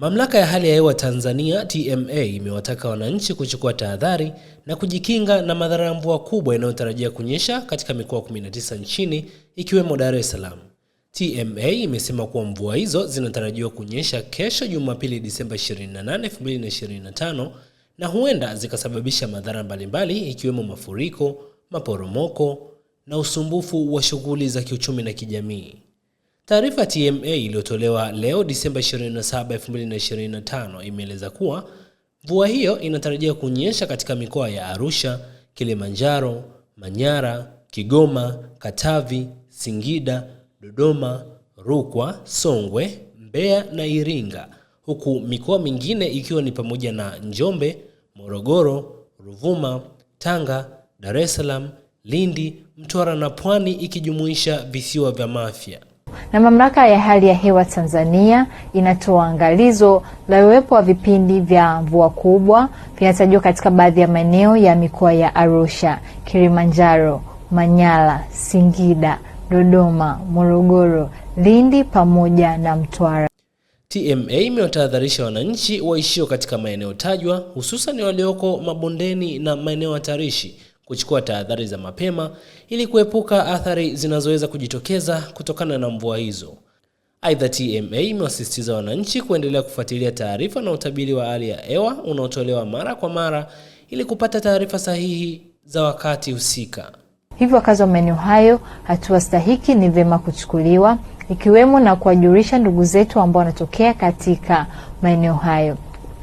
Mamlaka ya hali ya hewa Tanzania TMA imewataka wananchi kuchukua tahadhari na kujikinga na madhara ya mvua kubwa inayotarajia kunyesha katika mikoa 19 nchini ikiwemo Dar es Salaam. TMA imesema kuwa mvua hizo zinatarajiwa kunyesha kesho Jumapili Disemba 28, 2025 na huenda zikasababisha madhara mbalimbali ikiwemo mafuriko, maporomoko na usumbufu wa shughuli za kiuchumi na kijamii. Taarifa TMA iliyotolewa leo Disemba 27, 2025 imeeleza kuwa mvua hiyo inatarajiwa kunyesha katika mikoa ya Arusha, Kilimanjaro, Manyara, Kigoma, Katavi, Singida, Dodoma, Rukwa, Songwe, Mbeya na Iringa, huku mikoa mingine ikiwa ni pamoja na Njombe, Morogoro, Ruvuma, Tanga, Dar es Salaam, Lindi, Mtwara na Pwani ikijumuisha visiwa vya Mafia na Mamlaka ya Hali ya Hewa Tanzania inatoa angalizo la uwepo wa vipindi vya mvua kubwa vinatajwa katika baadhi ya maeneo ya mikoa ya Arusha, Kilimanjaro, Manyara, Singida, Dodoma, Morogoro, Lindi pamoja na Mtwara. TMA imewatahadharisha wananchi waishio katika maeneo tajwa hususan walioko mabondeni na maeneo hatarishi kuchukua tahadhari za mapema ili kuepuka athari zinazoweza kujitokeza kutokana na mvua hizo. Aidha, TMA imewasisitiza wananchi kuendelea kufuatilia taarifa na utabiri wa hali ya hewa unaotolewa mara kwa mara ili kupata taarifa sahihi za wakati husika. Hivyo wakazi wa maeneo hayo, hatua stahiki ni vyema kuchukuliwa, ikiwemo na kuwajulisha ndugu zetu ambao wanatokea katika maeneo hayo.